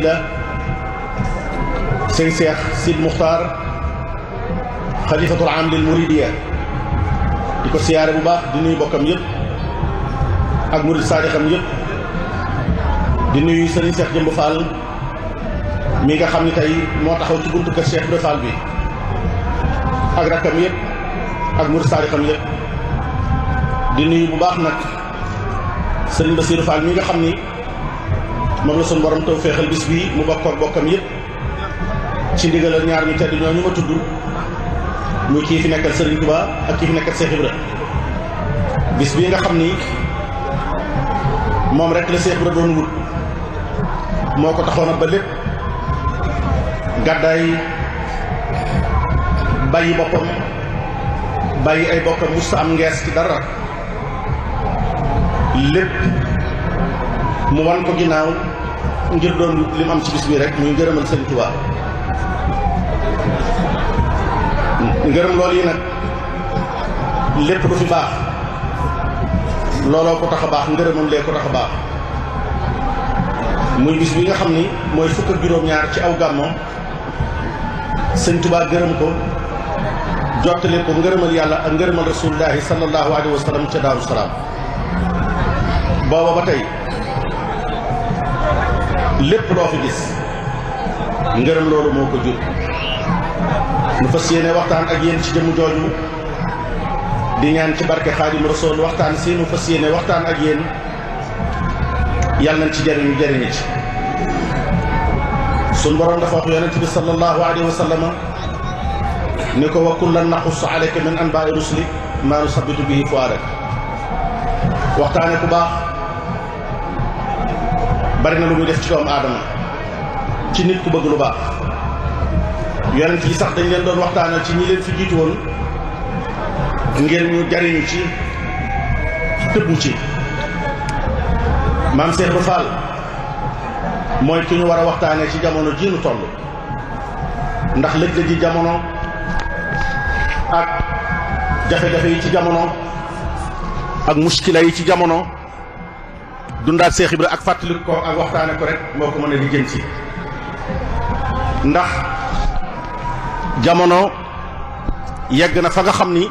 la sëñ Seex Sid Muxtaar xalifatul am lil muridiya di ko siyaare bu di nuyu bokkam yëpp Seex Jëmb Fall mi nga xam ni tey moo taxaw ci buntu kër Seex Ibra Fall bi ak rakkam yëpp ak murid saadixam yëpp di nuyu bu baax nag sëriñ Basiiru Fall mi nga xam ni moom la suñu borom taw féexal bis bii mu bokkoon bokkam yëpp ci ndigalal ñaar ñu tedd ñooñu ma tudd muy kii fi nekkal Serigne Touba ak kii fi nekkal Cheikh Ibra bis bii nga xam ni moom rek la Cheikh Ibra doon wut moo ko taxoon ba lépp gàddaay bàyyi boppam bàyyi ay bokkam mus sa am ngees ci dara lépp mu wan ko ginnaaw ngir doon lim mu am ci bis bi rek muy ngërëmal Sëriñ Tuubaa ngërëm loolu yi nag lépp lu fi baax looloo ko tax a baax ngërëmam lee ko tax a baax muy bis bi nga xam ni mooy fukk juróom-ñaar ci aw gàmmoom Sëriñ Tuubaa gërëm ko jottali ko ngërëmal yàlla ak ngërëmal rasulillahi sallallahu alayhi wa sallam ca daaru salaam booba ba tey lépp loo fi gis ngërëm loolu moo ko jur nu fas yéene waxtaan ak yéen ci jëmm jooju di ñaan ci barke xaadim rasool waxtaan si nu fas yéene waxtaan ak yéen yàlla nañ ci jëriñu jëriñu ci sun borom dafa wax yonent bi sallallahu alayhi wa ni ko wa kullan naqus alayka min anbaai rusuli maa nu sabitu bihi fuadak waxtaane ku baax bari na lu muy def ci doomu aadama ci nit ku bëgg lu baax yonent yi sax dañ leen doon waxtaanal ci ñi leen fi jiitu woon ngir ñu jariñu ci tëbbu ci maam Cheikh Fall mooy ki ñu war a waxtaanee ci jamono jiinu nu toll ndax lëj ji jamono ak jafe-jafe yi ci jamono ak muskila yi ci jamono dundaat Seex Ibra ak fàttaliku ko ak waxtaane ko rek moo ko mën a lijjanti ndax jamono yegg na fa nga xam ni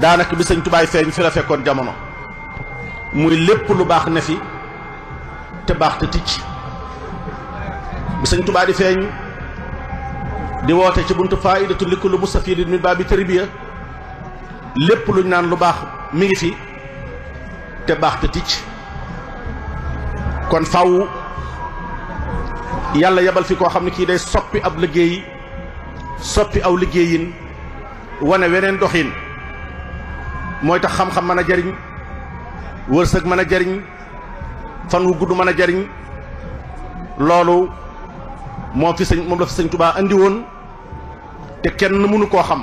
daanaka bi Sëñ Tubaay feeñ fi la fekkoon jamono muy lépp lu baax ne fi te baax te ticc bi Sëñ Tubaa di feeñ di woote ci buntu faidatu likku lu mustafidin min baabi tarbiya lépp luñ naan lu baax mi ngi fi te baax te ticc kon faw yàlla yebal fi koo xam ne kii day soppi ab liggéey soppi aw liggéeyin wane weneen doxin mooy tax xam-xam mën a jariñ wërsëg mën a jariñ fan wu gudd mën a jariñ loolu moom fi sëñ moom la fi sëñ Tubaa indi woon te kenn mënu koo xam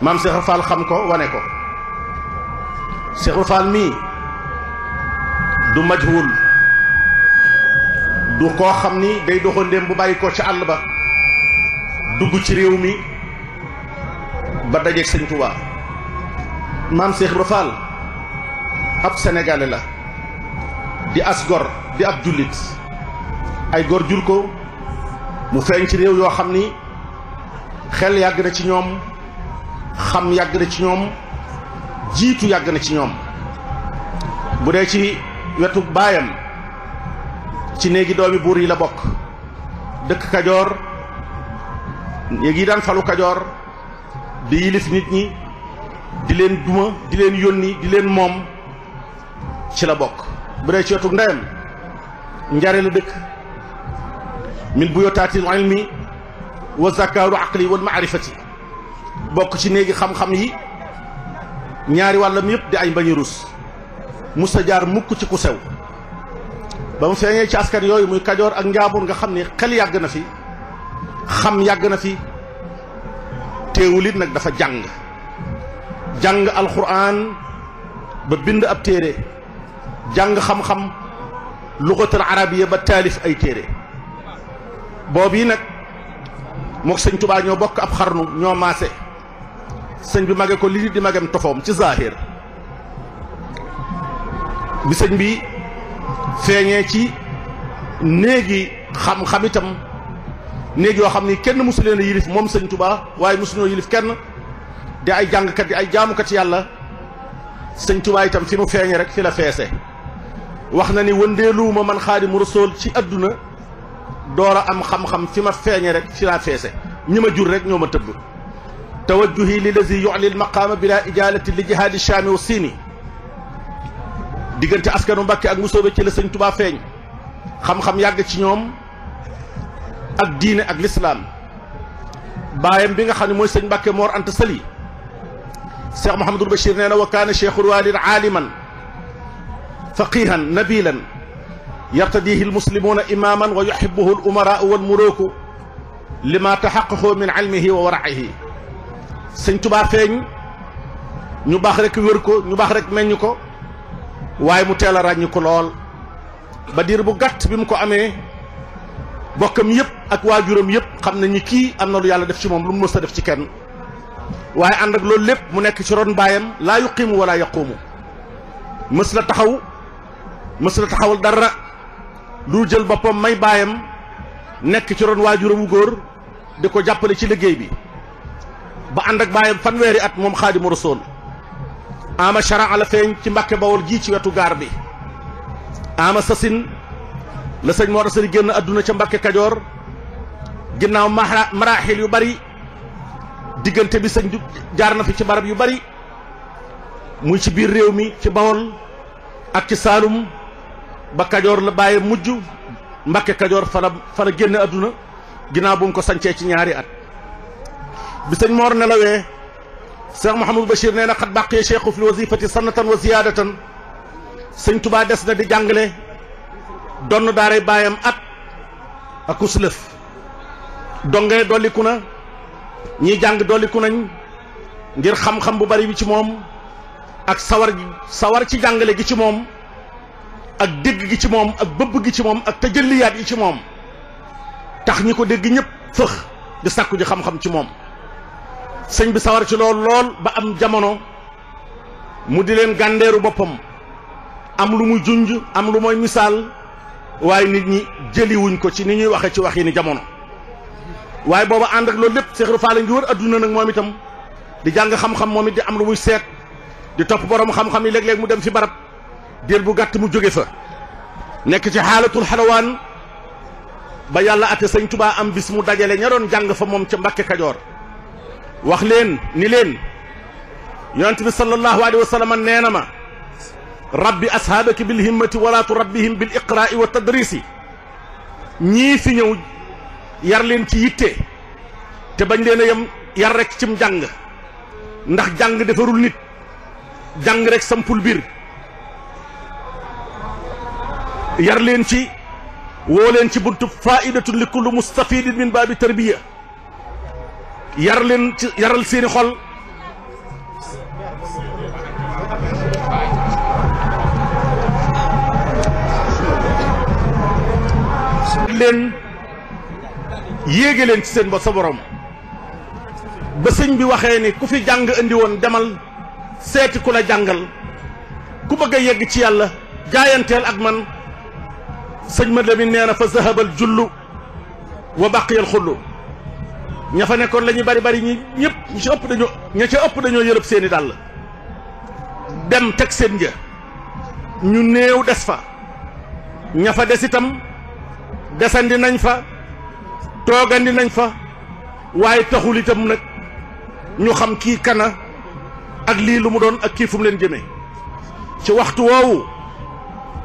maam Cheikh Fall xam ko wane ko Cheikh Fall mii du majhul du koo xam ni day doxandéem bu bàyyi ko ci àll ba dugg ci réew mi ba dajeeg sëñ Tuubaa maam Cheikh Ibra Fall ab senegale la di as gor di ab jullit ay gor jur ko mu feeñ ci réew yoo xam ni xel yàgg na ci ñoom xam yàgg na ci ñoom jiitu yàgg na ci ñoom bu dee ci wetu baayam ci néegi doomi buur yi la bokk dëkk kajoor néeg yi daan falu kajoor di yilif nit ñi di leen duma di leen yónni di leen moom ci la bokk bu dee ci wetu ndeyam njare la dëkk min buyootaati ilmi wa zakaaru aqli wal maarifati bokk ci néegi xam-xam yi ñaari wàllam yëpp di ay mbañi rus musta jaar mukk ci ku sew ba mu feeñee ci askan yooyu muy kajoor ak njaambur nga xam ni xel yàgg na fi xam yàgg na fi teewul it nag dafa jàng jàng alxuraan ba bind ab téere jàng xam-xam lugatal arabiya ba taalif ay téere boobu yi nag mook sëñ tubaa ñoo bokk ab xarnu ñoo maase sëñ bi mage ko li di magem tofoom ci zaahir bi sëñ bi feñé ci néegi xam-xam itam néeg yoo xam kenn mosu leen a yilif moom sëñ Tuubaa waaye mosuñoo yilif kenn di ay jang kat di ay kat yàlla seigne touba itam fi mu feeñe rek fi la fessé wax na ni wëndeeluwuma man khadim rasul ci aduna door am xam-xam fi ma feeñe rek fi la fessé ñima jur rek ñoma teub tëbb tawajjuhi lilazi yuxli lmaqaama bila ijalati li jihaadi shaami diggante askanu mbacké ak musobe ci la sëñ touba feñ xam xam-xam yag ci ñom ak diine ak l'islam bayam bi nga xam ne mooy sëñ mbacké mor ant Sali Cheikh mohammed Bachir nee na wa kaana cheikhul walid aliman faqihan nabilan yartadihi almuslimuuna imaman wa yuxibuhu alumaraau walmuluuku lima taxaqaqu min ilmihi wa waraihi sëñ Tubaa feeñ ñu baax rek wér ko ñu baax rek meññ ko waaye mu teel a ràññi ko lool ba diir bu gàtt bi mu ko amee bokkam yépp ak waajuram yëpp xam nañ ni kii am na lu yàlla def ci moom lu mu mës a def ci kenn waaye ànd ak loolu lépp mu nekk ci ron baayam laa yuqiimu wala yaquumu mës la taxaw mës la taxawal dara lu jël boppam may baayam nekk ci ron waajuram wu góor di ko jàppale ci liggéey bi ba ànd ak baayam fanweeri at moom xaadimu rasool ama shara la feeñ ci mbàkke bawol ji ci wetu gaar bi ama sasin la sëñ Mor Sali génn àdduna ca mbàkke kajoor ginnaaw maraaxil yu bari diggante bi sëñ jaar na fi ci barab yu bari muy ci biir réew mi ci bawol ak ci saalum ba kajoor la bàyyi mujj mbàkke kajoor fa la génn àdduna ginnaaw bu ko sañcee ci ñaari at bi sëñ Mor nelawee Cheikh Mouhamadou Bachir nee na xat bàqiya cheikhu fil wasifati sannatan wa ziyadatan sëñ tubaa des na di jàngale donn daaray baayam at ak uslëf dongee dolliku na ñiy jàng dolliku nañ ngir xam-xam bu bari wi ci moom ak sawar sawar ci jàngale gi ci moom ak dégg gi ci moom ak bëbb gi ci moom ak tëjëliyaat yi ci moom tax ñi ko dégg ñëpp fëx di sàkku ji xam-xam ci moom sëñ bi sawar ci loolu lool ba am jamono mu di leen gàndeeru boppam am lu muy junj am lu mooy misaal waaye nit ñi jëliwuñ ko ci ni ñuy waxe ci wax yi ni jamono waaye booba ànd ak loolu lépp Seexu Faal ngi wër adduna nag moom itam di jàng xam-xam moom it di am lu muy seet di topp boroom xam-xam yi léeg-léeg mu dem fi barab diir bu gàtt mu jóge fa nekk ci xaalatul xalawaan ba yàlla ate sëñ Tubaa am bis mu dajale ña doon jàng fa moom ca Mbàkke Kajoor wax leen ni leen yonent bi sallallahu alayhi wa sallam nee na ma rabbi ashaabaki bil himmati wala turabbihim bil iqraa'i wa tadrisi ñii fi ñëw yar leen ci yitte te bañ leen a yem yar rek cim jàng ndax jàng defarul nit jàng rek sampul biir yar leen ci woo leen ci buntu faa'idatun li kulli mustafidin min baabi tarbiya yar yaral seeni xol leen yéege leen ci seen ba sa boroom ba sëñ bi waxee ni ku fi jàng indi woon demal seeti ku la jàngal ku bëgg a yegg ci yàlla jaayanteel ak man sëñ ma dami nee na fa zahabal jullu wa baqiyal xullu ña fa nekkoon lañuy bari bari ñi ñëpp ñu ci ëpp dañoo ña ca ëpp dañoo yërëb seeni dàll dem teg seen një ñu néew des fa ña fa des itam desandi nañ fa toogandi nañ fa waaye taxul itam nag ñu xam kii kana ak lii lu mu doon ak kii fu leen jëmee ci waxtu woowu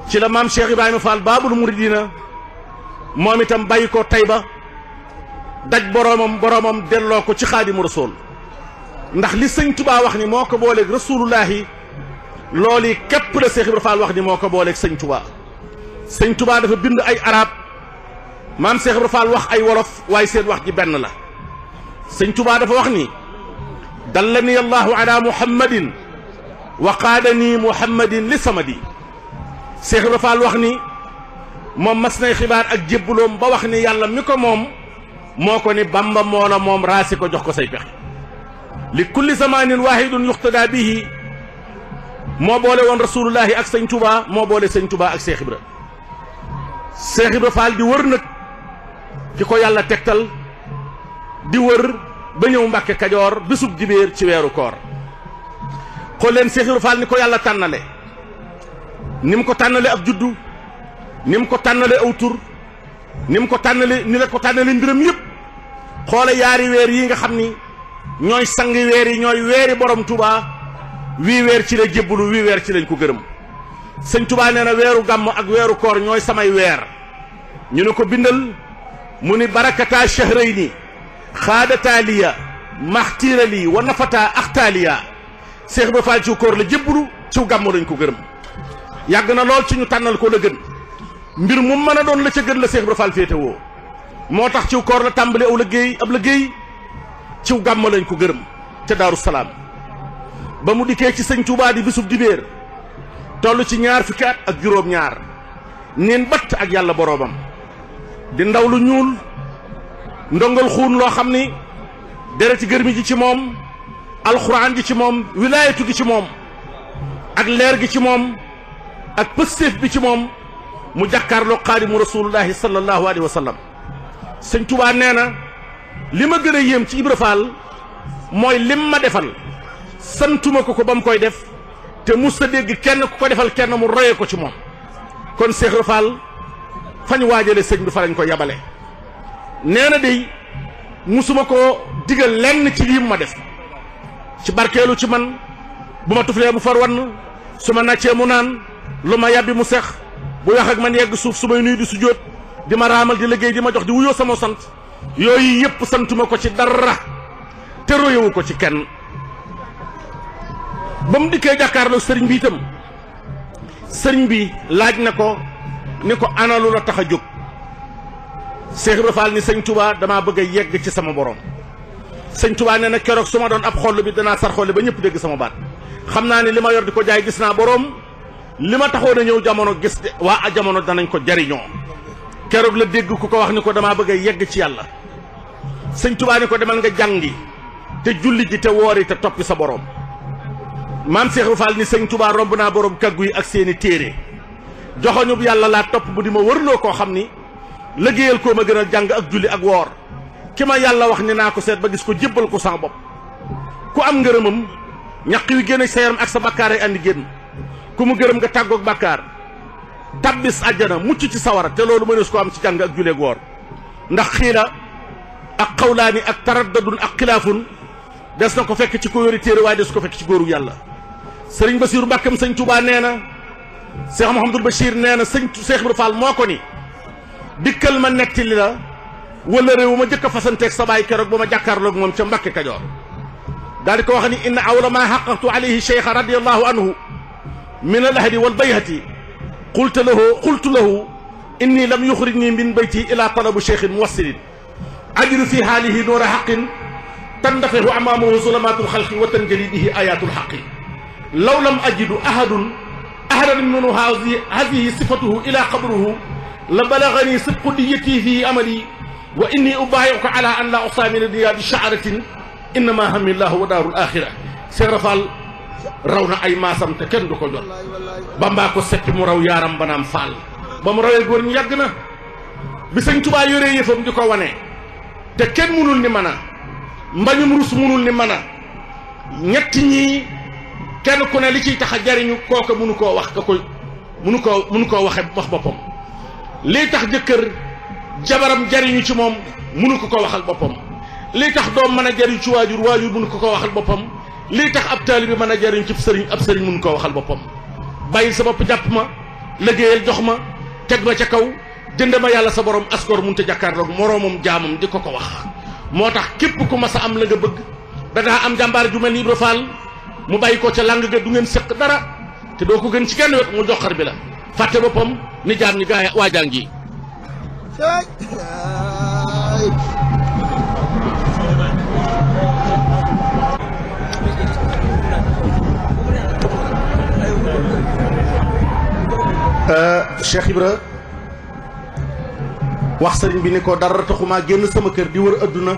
ci la maam Cheikh Ibrahima Fall Baabul Muridina moom itam bàyyi ko Tayba daj boromam boromam delloo ko ci xaadimu rasul ndax li sëñ tubaa wax ni moo ko booleeg rasulullahi loolu yi képp la Seex Ibra Faal wax ni moo ko booleeg sëñ tubaa sëñ tubaa dafa bind ay arab maam Seex Ibra Faal wax ay wolof waaye seen wax ji benn la sëñ tubaa dafa wax ni dallani allahu ala muhammadin wa qaadani muhammadin li samadi Seex Ibra Faal wax ni moom mas nay xibaar ak jébbaloom ba wax ni yàlla mi ko moom moo ko ni bàmba moo la moom raasi ko jox ko say pexe li kulli zamanin waahidun yuqtada bihi moo boole woon rasulullahi ak sëñ Touba moo boole sañ Touba ak Cheikh Ibra Cheikh Ibra di wër nag ki ko yàlla tegtal di wër ba ñëw Mbàkke Kajoor bisub dibéer ci weeru koor xool leen Cheikh ni ko yàlla tànnale nim ko tànnale ak juddu nim ko tànnale aw tur ni ko tànnale ni la ko tànnale mbiram yëpp xoole yaari weer yi nga xam ni ñooy sangi weer yi ñooy weeri borom tubaa wii weer ci la jébbalu wii weer ci lañ ko gërëm sëñ tubaa nee weeru gàmm ak weeru koor ñooy samay weer ñu ne ko bindal mu ni barakataa shahrayni xaadataa liya maxtiira lii wa nafataa axtaaliya seex ba faal ci koor la jébbalu ci gàmm lañ ko gërëm yàgg na lool ci ñu tànnal ko la gën mbir mu mën a doon la ca gën la Seex Ibra Faal moo tax ciw koor la tàmbali aw liggéey ab liggéey ciw gàmm lañ ko gërëm ca Daaru Salaam ba mu dikkee ci sëñ Tuubaa di bisub dibéer toll ci ñaar fukki at ak juróom-ñaar niin batt ak yàlla boroomam di ndaw lu ñuul ndongal xuun loo xam ni dereti gërmi ji ci moom alxuraan ji ci moom wilaayatu ci moom ak leer gi ci moom ak pësteef bi ci moom mu jàkkaarloo qadim rasulullah sallallahu alaihi wasallam seigne touba neena lima na yem ci Ibra fall moy lim ma defal santuma ko ko bam koy def te mus deg kenn ko defal kenn mu roye ko ci mom kon Seex Ibra fagn fañ seigne bi ko yabale neena dey musuma ko digal len ci lii ma def ci barkelu ci man buma tuflé mu far wan suma nacce mu nan luma yàbbi mu sex bu wax ak man yegg suuf su may nuyu di sujjóot di ma raamal di liggéey di ma jox di wuyoo sama sant yooyu yëpp santuma ko ci dara te royewu ko ci kenn ba mu dikkee jàkkaarloo sëriñ bi itam sëriñ bi laaj na ko ni ko analu la tax a jóg Cheikh Ibra Fall ni sëñ Touba damaa bëgg a yegg ci sama borom sëñ Touba nee na keroog su ma doon ab xoll bi danaa sar ba ñëpp dégg sama baat xam naa ne li ma yor di ko jaay gis naa boroom li ma taxoon a ñëw jamono gis waa a jamono danañ ko jariñoo keroog la dégg ku ko wax ni ko damaa bëgg a yegg ci yàlla sëñ tubaa ni ko demal nga jàngi te julli ji te woori te toppi sa boroom maam Seexu Faal ni sëñ tubaa romb naa borom kaggu yi ak seeni téere joxoñub yàlla laa topp bu di ma wërloo koo xam ni liggéeyal koo ma gën a jàng ak julli ak woor ki ma yàlla wax ni naa ko seet ba gis ko jébbal ko sama bopp ku am ngërëmam ñaq yu gën sa ak sa bakkaar ay andi génn ku gërëm nga tàggoog bakkaar dabbis àjjana mucc ci sawara te loolu mënees ko am ci jàng ak juleeg woor ndax xiila ak xawlaani ak taraddadun ak xilaafun des na ko fekk ci ko yori téere waaye des ko fekk ci góoru yàlla sëriñ Basiiru mbàkkam sëñ Tuubaa nee na Cheikh Mouhamadul Bachir nee na sëñ Cheikh Ibra Fall moo ko ni dikkal ma nettali la wala réew ma jëkk a fasanteeg sa baay keroog ba ma jàkkaarloog moom ca Mbàkke Kajoor daal di ko wax ni inna awla ma من الأهل والبيهة قلت له قلت له إني لم يخرجني من بيتي إلى طلب شيخ موسر أجد في حاله نور حق تندفع أمامه ظلمات الخلق وتنجلي به آيات الحق لو لم أجد أحد أحدا من هذه هذه صفته إلى قبره لبلغني صدق نيتي في أملي وإني أبايعك على أن لا أصامل ديار شعرة إنما هم الله ودار الآخرة سيرفال raw na ay maasam te kenn du ko jot bambaa ko seppi mu raw yaaram banaam faal ba mu rawee góor ñu yàgg na bi sëñ tubaa yoree yëfam di ko wane te kenn munul ni mana a mbañum rus munul ni mën a ñett ñii kenn ku ne li ciy tax a jariñu kooka munu koo wax ka koy munu koo munu koo waxe wax boppam lii tax jëkkër jabaram jariñu ci moom munu ko ko waxal boppam lii tax doom mën a jariñ ci waajur waajur munu ko ko waxal boppam lii tax ab taalibe mën a jariñ ci sëriñ ab sëriñ mun ko waxal boppam bàyyi sa bopp jàpp ma liggéeyal jox ma teg ma ca kaw jënd ma yàlla sa boroom askor mun te jàkkaarloog moroomam jaamam di ko ko wax moo tax képp ku mas a am la nga bëgg dangaa am jàmbaar ju mel ni Ibra Fall mu bàyyi ko ca làng ga du ngeen séq dara te doo ko gën ci kenn wet mu joxar bi la fàtte boppam ni jaam ñi gaa waajaa ngi Cheikh Ibra wax sëriñ bi ni ko dara taxumaa génn sama kër di wër adduna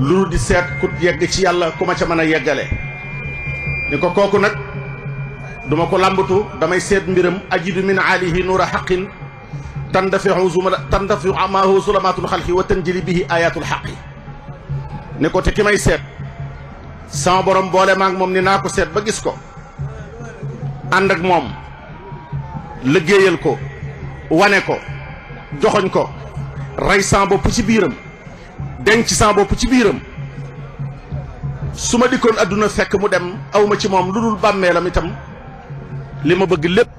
lu di seet ku yegg ci yàlla ku ma ca mën a yeggale ni ko kooku nag duma ko làmbatu damay seet mbiram ajidu min aalihi nuura xaqin tandafiu zuma tandafiu amaahu sulamatul xalqi wa tanjili bihi ayatul xaqi ne ko te ki may seet sama borom boole maag moom ni naa ko ba gis ko ànd ak moom liggéeyal ko wane ko joxoñ ko rey sa bopp ci biiram denc sa bopp ci biiram su ma dikkoon àdduna fekk mu dem awma ci moom lu dul bàmmeelam itam li ma bëgg lépp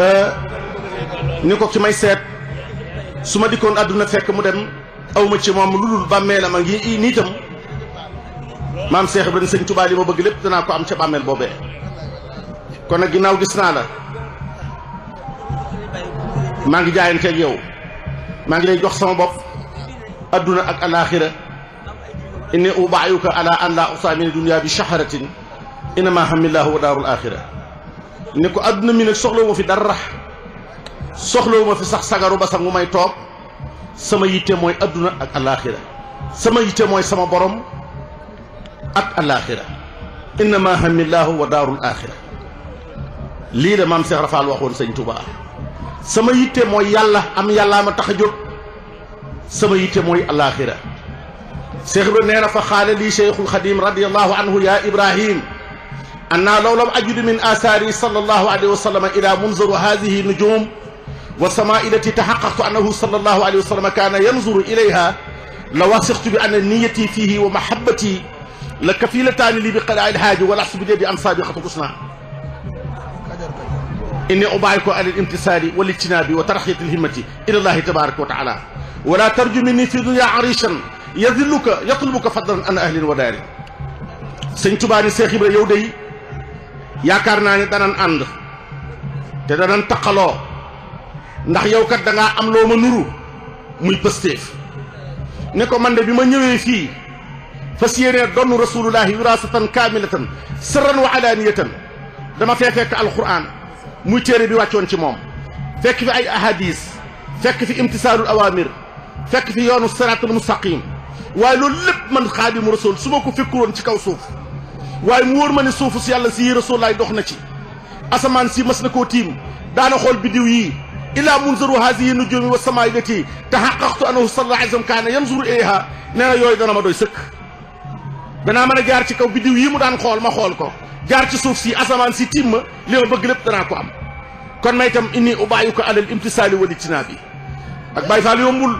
euh, ni ko ki may seet su ma dikkoon àdduna fekk mu dem awma ci moom lu dul bàmmeelam a ngi nii itam mam Cheikh Ibrahima sëñ Touba li ma bëgg lépp danaa ko am ci bàmmeel bobé kon nak ginaaw gis na la ma ngi jaayante ak yow ma ngi lay jox sama bop aduna ak alaaxira inni ubayuka ala an la usaa dunya bi shahratin inma hamillahu wa darul akhirah ne ko adduna mi soxlo soxlawuma fi soxlo soxlawuma fi sax sagaru ba sax mu may toog sama yitte moy aduna ak alaaxira sama yitte moy sama borom. ak alaaxira inma hamillahu wa darul akhirah li de mam Cheikh rafal waxone seigne Touba sama yitte moy yàlla am yalla ma taxajut sama yitte mooy alaaxira Cheikh Ibra neena na fa xaale lii Cheikhul khadim radiyallahu anhu ya Ibrahim anna law lam ajudu min asari sallallahu alayhi wa sallam ila munzaru hadhihi nujum wa sama'i lati tahaqqaqtu annahu sallallahu alayhi wa sallam kana yanzuru ilayha la wasiqtu bi anna niyati fihi تاني لي بقلاع الحاج حسب دي بانصابي خط الحسنى اني ابايعك على الامتسال والاجتناب وترحيه الهمه الى الله تبارك وتعالى ولا ترجو مني في دنيا عريشا يذلك يطلبك فضلا أن اهل وداري سنتباني سيخي بلا يودي يا كارناني دي أند naa تقلو danan ànd te danan taqaloo ndax yow kat dangaa am loo nuru muy ne ko man de فسيرة دون رسول الله وراسة كاملة سرا وعلانية دما في فيك القرآن متيري بواتيون تموم فيك في أي أحاديث فيك في امتثال الأوامر فيك في يون الصلاة المستقيم والو لب من خادم رسول سموكو في كورون تكاو صوف واي من صوف سي الله سي رسول الله دوخنا أسمان سي مسنكو تيم دانا خول بديو يي إلا منظروا هذه النجوم والسماء التي تحققت أنه صلى الله عليه وسلم كان ينظر إليها نرى يويدنا مدوي سك danaa mën a jaar ci kaw biddiw yi mu daan xool ma xool ko jaar ci suuf si asamaan si tiim ma li ma bëgg lépp danaa ko am kon may itam inni ubaayu ko alal imtisaali wali tinaa bi ak Baye Fall yombul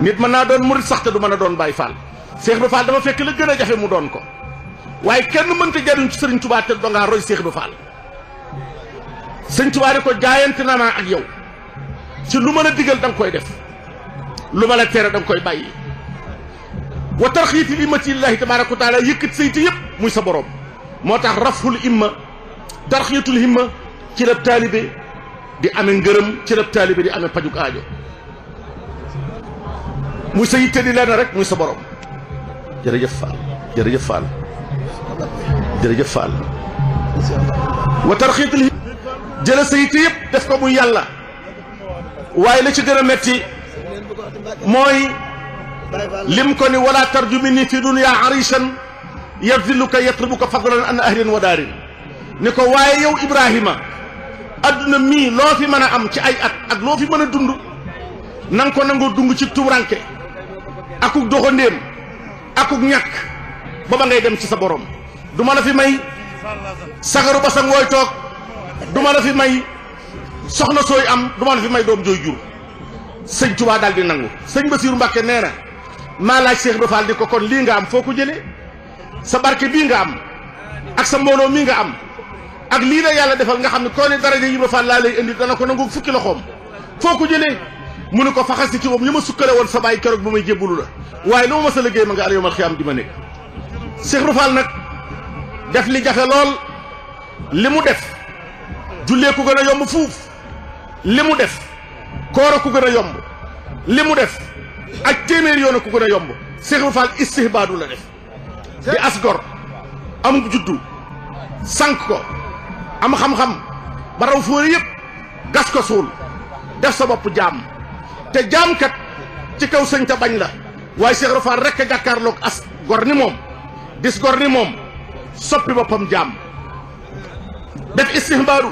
nit mën naa doon mu sax te du mën a doon Baye Fall Seex Ibra faal dama fekk la gën a jafe mu doon ko waaye kenn mënta jariñ ci Sëriñ Tuubaa te dangaa roy Seex Ibra Fall Sëriñ Tuubaa ko jaayante na naa ak yow si lu ma la digal da koy def lu ma la tere koy bàyyi وترخيت امه الله تبارك وتعالى يكت سيتي ييب موي سا بوروب موتاخ رفع الامه ترخيت الهمه كي طالب دي امي غرم كي طالب دي امي باجوك اديو موي سيتي دي لنا رك موي سا بوروب جرهجف فال جرهجف فال جرهجف فال وترخيت الهمه جلا سيتي ييب ديف كو موي يالا واي لا سي غرم متي موي lim ko ni wala tarjumi ni fi dunya arishan yardiluka yatlubuka fadlan an ahlin wa daarin ni ko waaye yow ibrahima adduna mii loo fi mën a am ci ay at ak loo fi mën a dund nan ko nangoo dung ci tumuranke akuk doxandéem akuk ñàkk ba ngay dem ci sa borom du la fi may sagaru basang wooy toog du la fi may soxna sooy am du ma la fi may doom jooy jur sëñ Tuubaa daal nangu sëñ Basiiru Mbàkke nee na maa laaj Cheikh Ibra Fall ni ko kon lii nga am foo ko jëlee sa barke bii nga am ak sa mbooloo mii nga am ak lii la yàlla defal nga xam ne koo ne daraja Ibra Fall laa lay indi dana ko nangu fukki loxoom foo ko jëlee mu ne ko faxasi ci moom li ma sukkale woon sa bàyyi keroog ba may jébbalu la waaye lu ma mës a liggéey ma nga al yawmal di ma nekk Cheikh Ibra Fall nag def li jafe lool li mu def jullee ku gën a yomb fuuf li mu def koor ku gën a yomb li mu def ak téeméer yoon ku gën a yomb Cheikh Fall istihbaadu la def di as gor amug juddu sànq ko am xam-xam ba raw fóore yëpp gas ko suul def sa bopp jaam te jaamkat ci kaw sëñ ta bañ la waaye Cheikh Fall rekk a jàkkaarloog as gor ni moom dis gor ni moom soppi boppam jaam def istihbaadu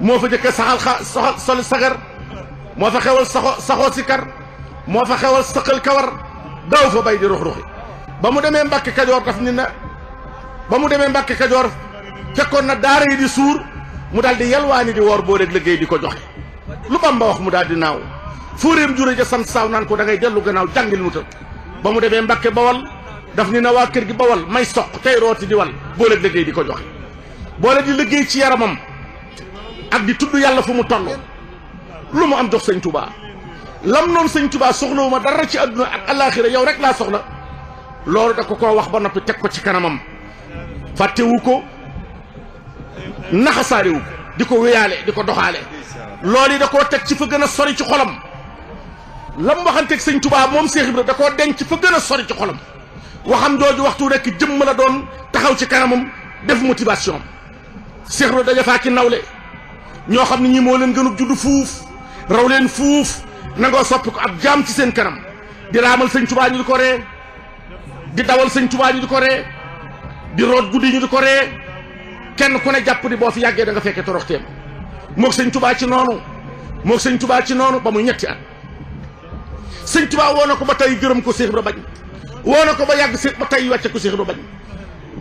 moo fa jëkk saxal xa soxal moo fa xewal saxo saxoo sikar moo fa xewal sëqal kawar daw fa bay di rux-ruxi ba mu demee Mbàkke Kajoor daf ni na ba mu demee Mbàkke Kajoor fekkoon na daara yi di suur mu daal di yalwaani di woor boo rek liggéey di ko joxe lu Bamba wax mu daal di naaw fuuréem jure ja sant saaw naan ko da ngay dellu gannaaw jàngil mu tëb ba mu demee Mbàkke Bawal daf ni na waa kër gi Bawal may soq tey rooti di wal boo rek liggéey di ko joxe boole di liggéey ci yaramam ak di yàlla fu mu toll lu mu am jox sañ tubaa lam noonu sëñ tubaa soxlawuma dara ci àdduna ak alaaxira yow rek laa soxla loolu da ko koo wax ba noppi teg ko ci kanamam fàttewu ko naxasaarewu di ko wéyaale di ko doxaale loolu yi da koo teg ci fa gën a sori ci xolam lam teg sëñ tubaa moom Seex Ibra da koo denc fa gën a sori ci xolam waxam jooju waxtu rek jëmm la doon taxaw ci kanamam def motivation am Seex Ibra daja ci ki nawle ñoo xam ne ñi moo leen gënub juddu fuuf raw leen fuuf nangoo sopp ko ab jaam ci seen kanam di raamal sëñ tubaa ñu di ko ree di dawal sëñ tubaa ñu di ko ree di root guddi ñu di ko ree kenn ku ne jàpp ni boo fi yàggee da nga fekkee toroxteem moog sëñ tubaa ci noonu moog sëñ tubaa ci noonu ba muy ñetti at sëñ tubaa woo na ko ba tey gërëm ko Seex Ibra bañ woo na ko ba yàgg Seex ba tey wàcce ko Seex Ibra bañ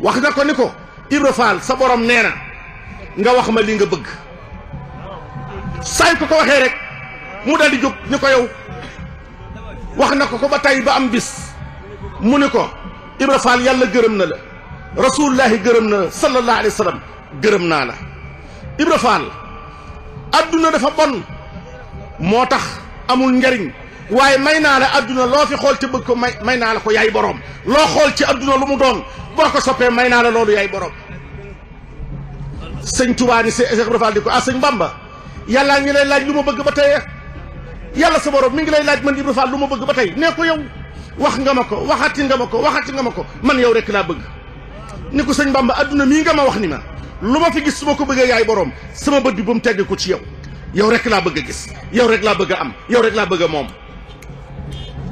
wax na ko ni ko Ibra Faal sa borom nee na nga wax ma lii nga bëgg saay ko ko mu daal di jóg ni ko yow wax na ko ko ba tey ba am bis mu ni ko Ibra Faal yàlla gërëm na la rasulullahi gërëm na la sallallahu alayhi wa sallam gërëm naa la Ibra Faal adduna dafa bon moo tax amul njariñ waaye may naa la adduna loo fi xool te bëgg ko may may naa la ko yaay boroom loo xool ci adduna lu mu doon boo ko soppee may naa la loolu yaay boroom sëñ Tuubaa ni Ibra Faal di ko ah sëñ Bamba yàllaa ngi lay laaj lu ma bëgg ba tey yàlla sa borom mi ngi lay laaj man Ibra faal lu ma bëgg ba tey nee ko yow wax nga ma ko waxati nga ma ko waxati nga ma ko man yow rek laa bëgg ni ko sëñ Bamba àdduna mii nga ma wax ni ma lu ma fi gis su ma ko bëggee yaay borom sama bët bi ba mu tegg ko ci yow yow rekk laa bëgg a gis yow rek laa bëgg a am yow rek laa bëgg a moom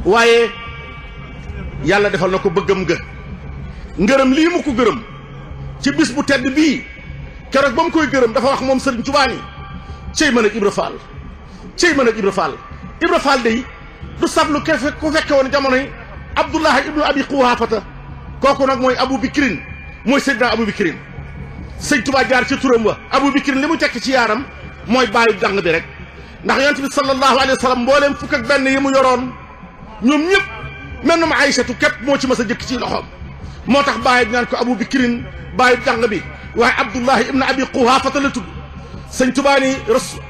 waaye yàlla defal na ko bëggam ga ngërëm lii mu ko gërëm ci bis bu tedd bii keroog ba mu koy gërëm dafa wax moom sëriñ Tuubaa ni cey mën a Ibra Fall شيء من ابن فال ابن فال دي دو سابلو كيف كو فكيون جامونو عبد الله ابن ابي قحافه كوكو نك موي ابو بكر موي سيدنا ابو بكر سيد توبا جار سي تورم ابو بكر ليمو تك سي يارام موي بايو جان دي رك ناخ يونتبي صلى الله عليه وسلم مبولم فك بن يمو يورون نيوم نيب منو عائشه كيب مو سي مسا جيك سي لخوم موتاخ بايو نان كو ابو بكر بايو جان بي واي عبد الله ابن ابي قحافه لتو سيد توبا رسول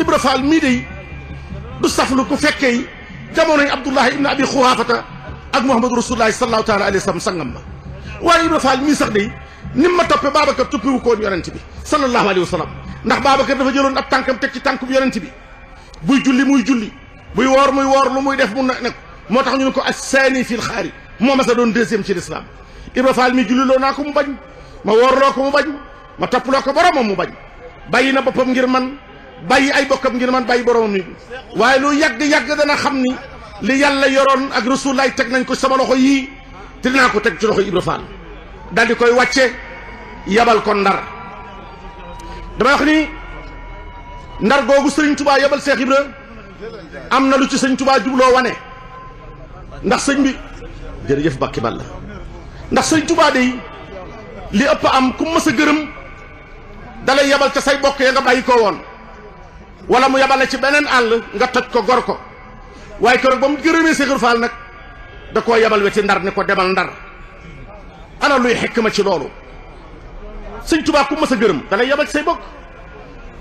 ابرفال ميدي بصفلو كفكي جاموني عبد الله ابن ابي خرافه اك محمد رسول الله صلى الله عليه وسلم سانغام واي ابرفال ميسخ دي نيم توبي بابك توبي وكو يونتي بي صلى الله عليه وسلم نخ بابك دا فجيلون اب تانكم تيكي تانك يونتي بي بوي جولي موي جولي بوي وور موي وور لو موي ديف موتاخ ني نكو الثاني في الخاري مو ما دون دوزيام في الاسلام ابرفال مي جولي لو ناكو مو باج ما وور لوكو مو باج ما توبلوكو بروم مو باج bayina bopam ngir man bàyyi ay bokkam ngir man bàyyi borom nit waaye lu yàgg-yàgg dana xam ni li yàlla yoroon ak rasulaay teg nañ ko sama loxo yii te dinaa ko teg ci loxo Ibra Fall daal di koy wàcce yabal ko ndar dama wax ni ndar googu sëriñ tubaa yabal seex Ibra am na lu ci sëñ tubaa jubloo wane ndax sëñ bi jërëjëf bàkki balla sëñ tubaa day li ëpp am kum mës a gërëm dalay yabal ca say bokk ya nga bàyyi koo woon wala mu yabal la ci beneen àll nga toj ko gor ko waaye keroog ba mu gërëmee Seexur Faal nag da koo yabal weti ndar ni ko demal ndar ana luy xikma ci loolu sëñ Tuubaa ku mas a gërëm da lay yabal say bokk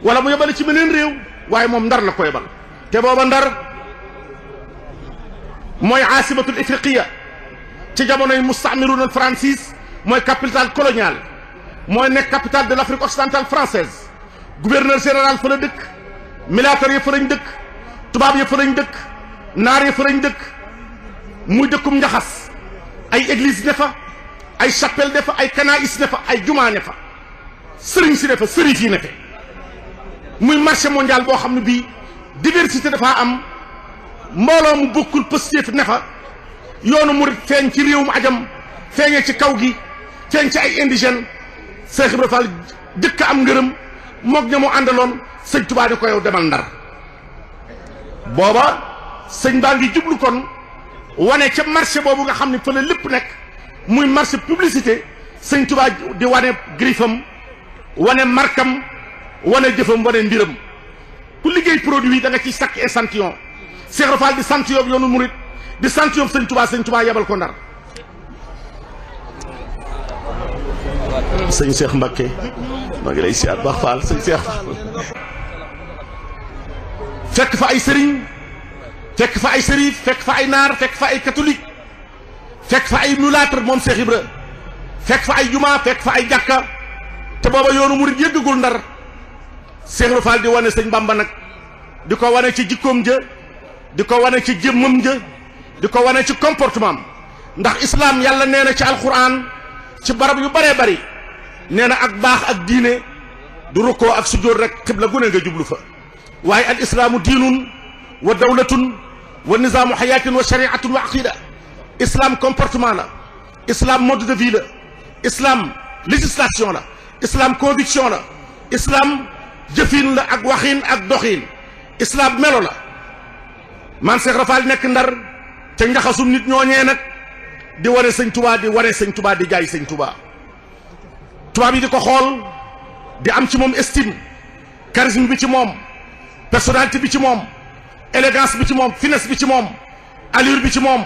wala mu yabal ci beneen réew waaye moom ndar la ko yabal te booba ndar mooy aasibatul ifriqiya ci jamonoy mustamiruun francis mooy capitale coloniale mooy nekk capitale de l' Afrique occidentale française gouverneur général fa la dëkk ملاتر يفرن دك تباب يفرن دك نار يفرن دك مودكم نخاس اي اجلس نفا اي شابل نفا اي كنائس نفا اي جمع نفا سرين سي نفا سرين سي نفا موي مارشي مونديال بو خامن بي ديفيرسيتي دفا ام مولوم بوكول بوستيف نفا يونو مورد فين سي ريوم ادم فيني سي كاوغي فين سي اي انديجين شيخ برفال دك ام غيرم موك نيمو اندالون sëñ tubaa ni ko yow demal ndar booba sëñ baa ngi jublu kon wane ca marché boobu nga xam ne fa la lépp nekk muy marché publicité sëñ tubaa di wane griffam wane markam wane jëfam wane mbiram ku liggéey produit da nga ciy sakk échantillon Cheikh Rafal di sant yoobu yoonu murit di sant yoobu sëñ Tuubaa sëñ Tuubaa yebal ko ndar sëñ Cheikh Mbacké maa ngi lay siyaar baax Fall sëñ Cheikh fekk fa ay sëriñ fekk fa ay sërif fekk fa ay naar fekk fa ay catholique fekk fa ay mulâtre moom Cheikh Ibra fekk fa ay juma fekk fa ay jàkka te booba yoonu murid yëggagul ndar Cheikh Ibra Fall di wane sëñ Bamba nag di ko wane ci jikkoom ja di ko wane ci jëmmam ja di ko wane ci comportement ndax islaam yàlla nee na ci alquran ci barab yu baree bari nee na ak baax ak diine du rukkoo ak sujjóot rek xibla gune nga jublu fa وهي الإسلام دين ودولة ونظام حياة وشريعة وعقيدة إسلام كومبورتمان إسلام مود دو فيل إسلام ليجيستاسيون لا إسلام كونفيكسيون لا إسلام جفين لا أك واخين أك دوخين إسلام ميلو لا مان شيخ رفال نيك ندار تي نخاسوم نيت ньо ญ ي نك دي وري سيغ توبا دي وري سيغ توبا دي جاي سيغ توبا توبا بي ديكو خول دي ام سي موم استيم كاريزم بي سي موم personnalité bi ci mom élégance bi ci mom finesse bi ci mom allure bi ci mom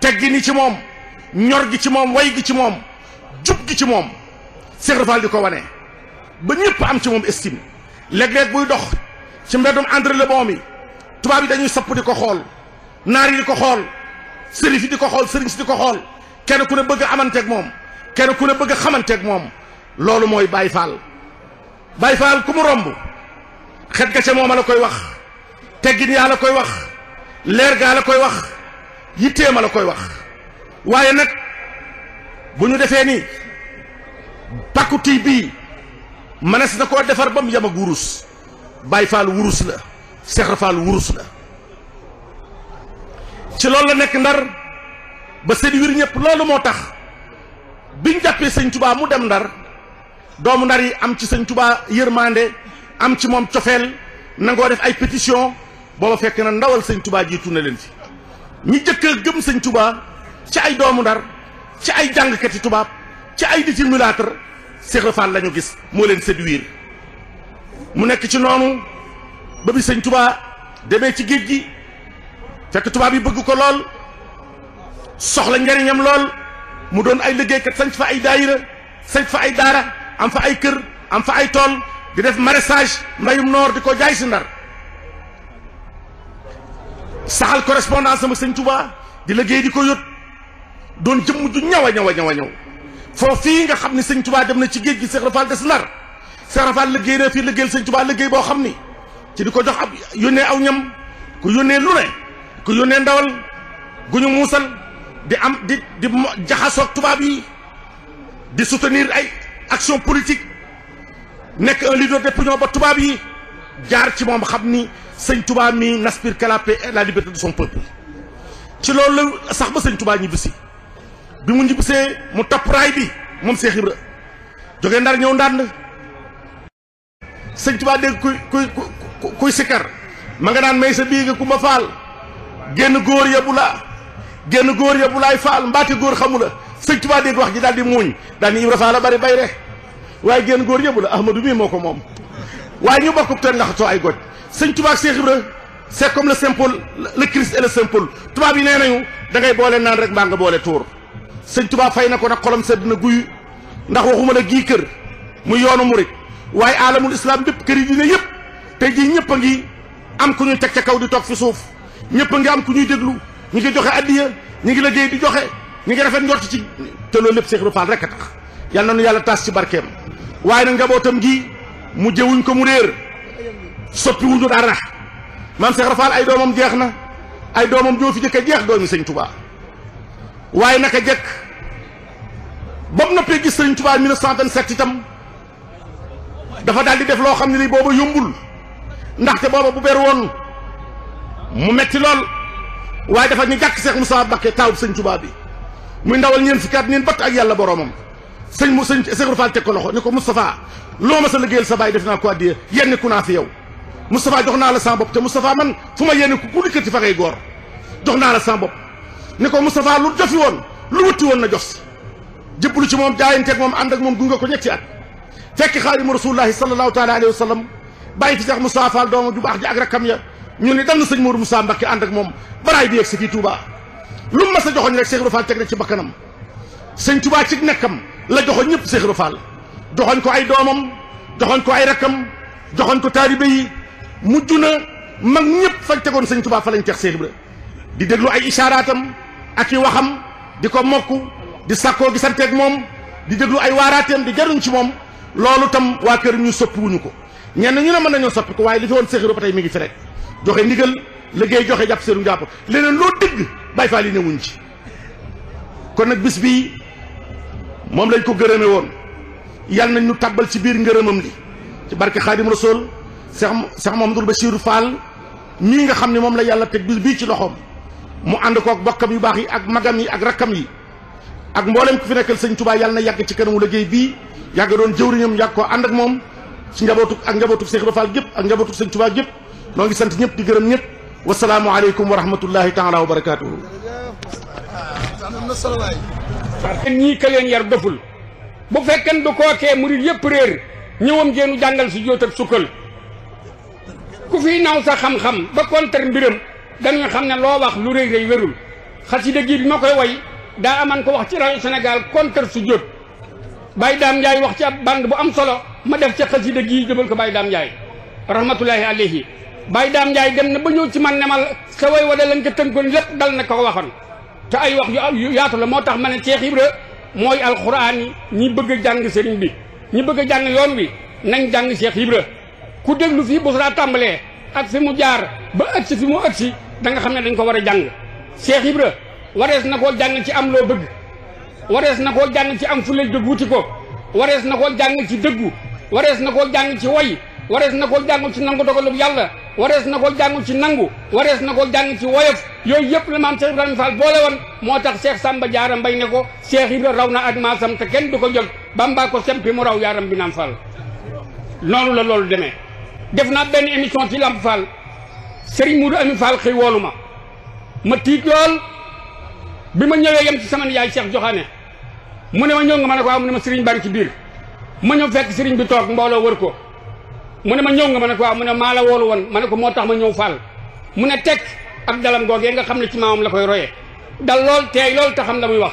teggini ci mom ñor gi ci mom way gi ci mom djub gi ci mom Cheikh Rafal diko ko wane ba ñëpp am ci mom estime leg leg buy dox ci mbedum André Le Bon mi tuba bi dañuy sopp diko xol nar yi diko xol sërif yi di ko xool sëriñ si ku ne bëgg amanté ak mom kene ku ne bëgg xamanté ak mom lolu moy Baye Fall Baye Fall kumu rombu xet ga ca mooma la koy wax teggin yaa la koy wax leer gaa la koy wax yitteema la koy wax waaye nag bu ñu defee ni pàkkuti bii mënees na koo defar ba mu yem ak wurus Baay Faal wurus la Seex Faal wurus la ci loolu la nekk ndar ba seen wir ñëpp loolu moo tax biñ jàppee sañ Tubaa mu dem ndar doomu ndar yi am ci sëñ Tubaa yërmande am ci moom cofeel nangoo def ay pétition booba fekk na ndawal sëñ tubaa jiitu na leen ci ñi jëkk a gëm sëñ tubaa ci ay doomu ndar ci ay jàngkati tubaab ci ay dissimulateur Seex Faal la ñu gis moo leen séduire mu nekk ci noonu ba sañ tubaa demee ci géej gi fekk tubaab yi bëgg ko lool soxla njariñam lool mu doon ay liggéeykat sañ fa ay daayira sañ fa ay daara am fa ay kër am fa ay tool di def maraîchage mbayum noor di ko jaay si ndar saxal correspondance sama sëñ Touba di léggéey di ko yót doon jëmm ju ñaw a ñaw a ñaw a ñaw foofu fii nga xam ne sëñ tubaa dem na ci géej gi Seex Rafal des ndar Seex Rafal liggéey na fii liggéeyal sëñ tubaa liggéey boo xam ni ci di ko jox ab yónnee aw ñam ku yónnee lu ne ku yónnee ndawal guñu muusal di am di di jaxasoog tubaab yi di soutenir ay action politique nekk un leader d'opinion ba tubaab yi jaar ci moom xam ni sëñ tubaab mi n'aspire que la paix et liberté de son peuple ci loolu sax ba sañ tubaab ñibbisi bi mu ñibbisee mu topp raay bi moom Seex Ibra jógee ndar ñëw ndànd sëñ tubaab dégg kuy kuy kuy sikkar ma nga naan may sa bii nga kumba faal génn góor ya bu laa génn góor ya bu laay faal mbaate góor xamula sëñ tubaab dégg wax ji daal di muuñ daal ni Ibra Faal bari bay waaye génn góor yëpp la ahmadou mii moo ko moom waaye ñu bokk te ndaxatoo ay goj sëñ tubaab Cheikh Ibra c'est comme le simple le Christ et le simple tubaab yi nee nañu dangay ngay boole naan rek mbaa nga boole tuur sëñ tubaab fay na ko nag xolam sedd na guy ndax waxuma la gii kër muy yoonu murit waaye alamul islam bépp kër yi dina yëpp tey jii ñëpp a ngi am ku ñu teg ca kaw di toog fi suuf ñëpp a ngi am ku ñuy déglu ñu ngi joxe addiya ñu ngi liggéey di joxe ñu ngi rafet njort ci te loolu lépp Cheikh Ibra Fall rek a na nu yàlla taas ci barkeem waaye nag njabootam gi mu jëwuñ ko mu réer soppi wuñu dara maam Cheikh Rafaal ay doomam jeex na ay doomam ñoo fi jëkk a jeex doomi sëñ Touba waaye naka jëkk ba mu noppee gis sëñ Touba 1927 itam dafa daal di def loo xam ne lii booba yombul ndaxte booba bu ber woon mu metti lool waaye dafa ñu jàkk Cheikh Moussa Mbacké taawub sañ Touba bi muy ndawal ñeen fukki at ñeen batt ak yàlla boroomam سيغ مو سيغ سيغ رفال تيكو لوخو نيكو مصطفى لو ما سا ليغيل سا باي ديفنا كو ادي يني كونا في يو مصطفى دوخنا لا سان بوب تي مصطفى مان فما يني كو كوني كتي فاغي غور دوخنا لا سان بوب نيكو مصطفى لو دوفي وون لو وتي وون نا جوف جيبلو سي موم جاين تيك موم اندك موم غونغا كو نيتي ات فك خادم رسول الله صلى الله تعالى عليه وسلم باي في شيخ مصطفى دوم جو باخ جي اك ركام يا ني ني دان سيغ مور موسى مباكي اندك موم براي بي سيكي توبا لو ما سا جوخني رك شيخ رفال تيك نا سي بكانم سيغ توبا تيك نكام la joxoon ñëpp Cheikh Ibra Fall joxoon ko ay doomam joxoon ko ay rakkam joxoon ko taalibe yi mujj na mag ñëpp fa tegoon sëñ Tuubaa fa lañ teex Cheikh Ibra di déglu ay isaaraatam ak i waxam di ko mokku di sàkkoo gisanteeg moom di déglu ay waaraateem di jaruñ ci moom loolu tam waa kër ñu soppiwuñu ko ñenn ñu ne mën nañoo soppi ko waaye li fi woon Cheikh ba tey mi ngi fi rek joxe ndigal liggéey joxe jàpp seeru jàpp leneen loo dégg Baay Faal yi newuñ ci kon nag moom lañ ko gërëme woon yal nañ ñu tàbbal ci biir ngërëmam li ci barke xaadim rasool seex seex Mamadul Basiiru Faal mii nga xam ne moom la yàlla teg bis bii ci loxoom mu ànd kook bokkam yu baax yi ak magam yi ak rakkam yi ak mboolem ku fi nekkal sëñ Tuubaa yàlla na yàgg ci kanamu liggéey bii yàgg doon jëwriñam yàgg koo ànd ak moom ci njabootu ak njabootu Seex Ibra Faal gépp ak njabootu sëñ Tuubaa gépp noo ngi sant ñëpp di gërëm ñëpp wasalaamu aleykum wa rahmatullahi taala wa barakaatuhu parce que ñii ka yar doful bu fekken du kookee murit yëpp réer ñëwam geenu jàngal si jóot ak ku fi naw sa xam-xam ba kontar mbiram dañuy xam ne loo wax lu rëy rëy wérul xasida gi bi ma koy woy daa aman ko wax ci rajo Sénégal kontar su jóot Baye Dame wax ci ab band bu am solo ma def ci xasida gii jëbal ko Baye Dame Ndiaye rahmatullahi alayhi Baye Dame Ndiaye dem na ba ñëw ci man ne ma sa way wa da lañ ko tënkoon lépp dal na ko waxoon te ay wax yu yaatu la moo tax ma ne Cheikh re mooy alxuraan yi ñi bëgg a jàng sëriñ bi ñi bëgg a jàng yoon wi nañ jàng Cheikh Ibra ku déglu fii Boussra tàmbalee ak fi mu jaar ba agsi fi mu agsi da nga xam ne dañ ko war a jàng Cheikh Ibra warees na koo jàng ci am loo bëgg warees na koo jàng ci am fulel dëgg wuti ko warees na koo jàng ci dëggu warees na koo jàng ci woy warees na koo jàng ci nangu dogalub yàlla wares na ko jàng ci nangu wares na ko jàng ci woyof yoy yep la mam Cheikh ibrahim Fall bole won motax Cheikh Samba Diarra mbay ne ko Cheikh ibrahim raw na ak sam te ken duko jog Bamba ko bi mu raw yaram bi nam Fall noonu la lolou demee def naa benn émission ci lamb Fall Serigne mourou Ami Fall xey woluma ma tiit lool bi ma ci sama yaay Cheikh mu ma ñong ma ne ko am ne ma Serigne bari ci bir ma ñu fekk Serigne bi tok mbolo wër ko mune ma ñëw nga mané mana ko waaw mu ne la woolu ma ko motax ma ñëw fal mune tek ak dalam goge nga xam ci maam la koy royé dal lol teey lol taxam xam la muy wax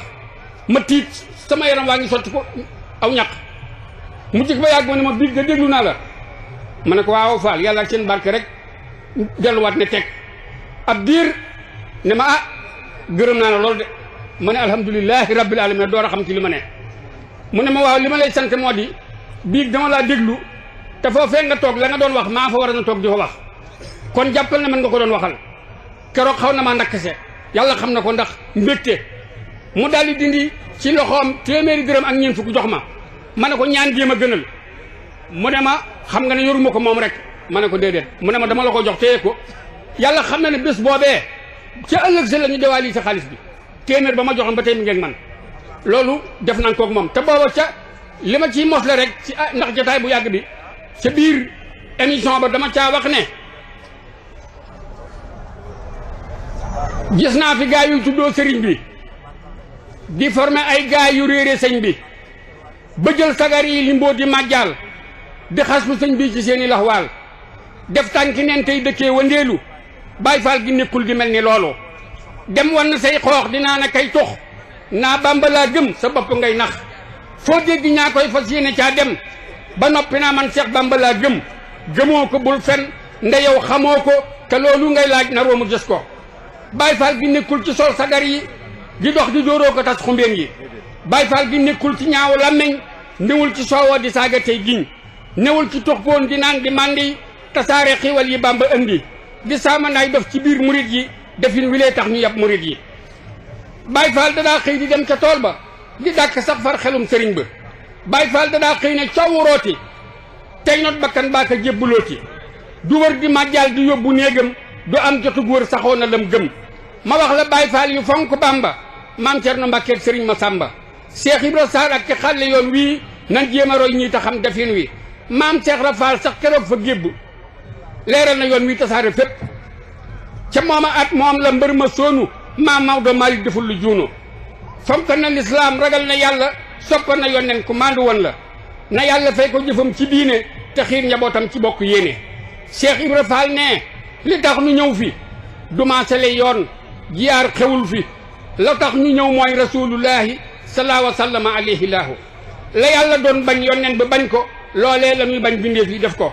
ma tiit sama yaram waangi sotti ko aw ñak mu ci ba yag ne ma biig da la mané ko waaw fal yalla ci barke rek wat ne tek ab ne ma ah la lol de mané alhamdullilah rabbil alamin do a xam ci lima ne mune ma waaw lima lay sante modi di dama la deglu te foofee nga toog la nga doon wax maa fa war a na toog di ko wax kon jàppal na man nga ko doon waxal keroog xaw na maa nakkase yàlla xam na ko ndax mbégte mu daal di dindi ci loxoom téeméeri gërëm ak ñeent fukk jox ma ma ne ko ñaan jéem a gënal mu ne ma xam nga ne yoruma ko moom rek ma ne ko déedéet mu ne ma dama la ko jox téye ko yàlla xam na ne bés boobee ca ëllëg sa la ñu dewaali sa xaalis bi téeméer ba ma joxoon ba tey mi ngeen man loolu def nañ koog moom te booba ca li ma ciy mos la rek ci ndax jotaay bu yàgg bi ca biir émission ba dama caa wax ne gis naa fi gaa yu tuddoo sëriñ bi di former ay gaa yu réere sëñ bi ba jël sagar yi li mbóot di màjjaal di xaslu sëñ bi ci seeni laxwaal def tànki neen tey dëkkee wëndeelu bàyyi faal gi nekkul di mel ni loolu dem wan say xoox dinaa na kay tux naa bàmbalaa gëm sa bopp ngay nax foo dégg ñaa koy fas yéene caa dem ba noppi naa man Cheikh Bamba laa gëm gëmoo ko bul fen nde yow xamoo ko te loolu ngay laaj na roomu gis ko Baay Faal gi nekkul ci sol sagar yi di dox di dóoroo ko tas xumbeen yi Baay Faal gi nekkul ci ñaaw làmmiñ newul ci soowoo di saaga tey giñ newul ci toxpoon di naan di màndi tasaare xiiwal yi Bàmba indi di saamanaay def ci biir murit yi defin wilee tax ñu yàpp murit yi Baay Faal dadaa xëy di dem ca tool ba di dàkk sax far xelum sëriñ ba Baay Faal dadaa xëy ne caww rooti tey not bakkan baaka jébbalooti du wër di màjjal di yóbbu néegam du am jotu góor saxoo na lam gëm ma wax la Baay Faal yu fonk Bàmba maam Cerno Mbàkke ak Sëriñ Masàmba Seex Ibra Saar ak ci xàlle yoon wii nan jéem a roy ñii ta xam defin wi maam Seex Ibra Faal sax keroog fa gébbu leeral na yoon wii tasaare fépp ca mooma at am la mbër ma soonu maam Maodo Malick deful lu juunu fonk na lislaam ragal na yàlla soppoon na yónneen ku maandu woon la na yàlla fay ko jëfam ci diine te xiir njabootam ci bokk yéene Cheikh Ibra Fall ne li tax ñu ñëw fi du maasale yoon jiyaar xewul fi la tax ñu ñëw mooy rasulullahi salaa wa sallama alayhi laahu la yàlla doon bañ yónneen bi bañ ko loolee la muy bañ bindeef yi def ko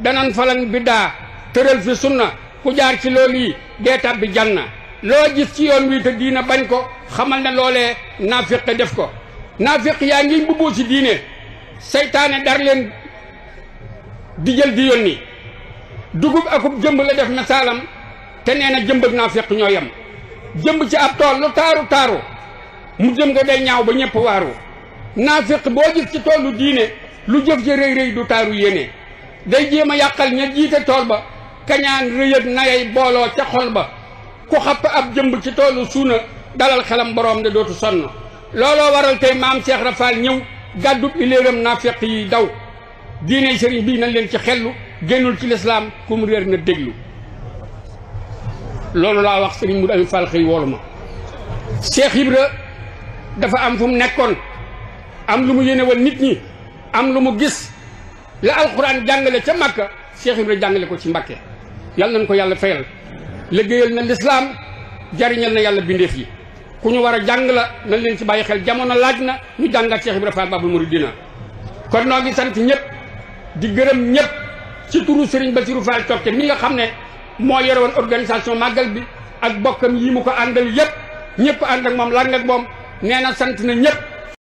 danan falan biddaa tëral fi sunna ku jaar ci loolu yi dee tàbbi janna loo gis ci yoon wi te diina bañ ko xamal ne loolee naafiqe def ko naafiq yaa ngi mbubboo ci diine seytaane dar leen di jël di yónni dugub akub jëmb la def misaalam te nee na jëmb ak naafiq ñoo yem jëmb ci ab tool lu taaru taaru mu jëm nga day ñaaw ba ñëpp waaru naafiq boo gis ci toolu diine lu jëf ja rëy rëy du taaru yéene day jéem a yàqal ña jiite tool ba kañaan rëyëg nayay booloo ca xol ba ku xapp ab jëmb ci toolu suuna dalal xelam boroom de dootu sonn lolo waral tay mam Cheikh Rafal ñëw gàddu bi léeram naafeq yi daw diine sëriñ bi nañ leen ci xellu génnul ci l'islam kum réer na déglu lolo la wax sëriñ Mourou Amin Fall xëy woolu Cheikh Ibra dafa am fu nekkon am lu mu yene won nit ñi am lu mu gis la alquran jàngale ci Makka Cheikh Ibra jàngale ko ci mbacke yàlla nañ ko yàlla fayal liggéeyal na l'islam jariñal na yàlla bindef yi ku ñu war a jàng la nañ leen si bàyyi xel jamono laaj na ñu jàngat Cheikh Ibrahima Fall Babul Mouridina kon noon ngi sant ñëpp di gërëm ñëpp ci turu ba Bassirou Fall Cokke mi nga xam ne moo yore woon organisation màggal bi ak bokkam yi mu ko àndal yëpp ñëpp ànd moom lang moom nee na sant na ñëpp.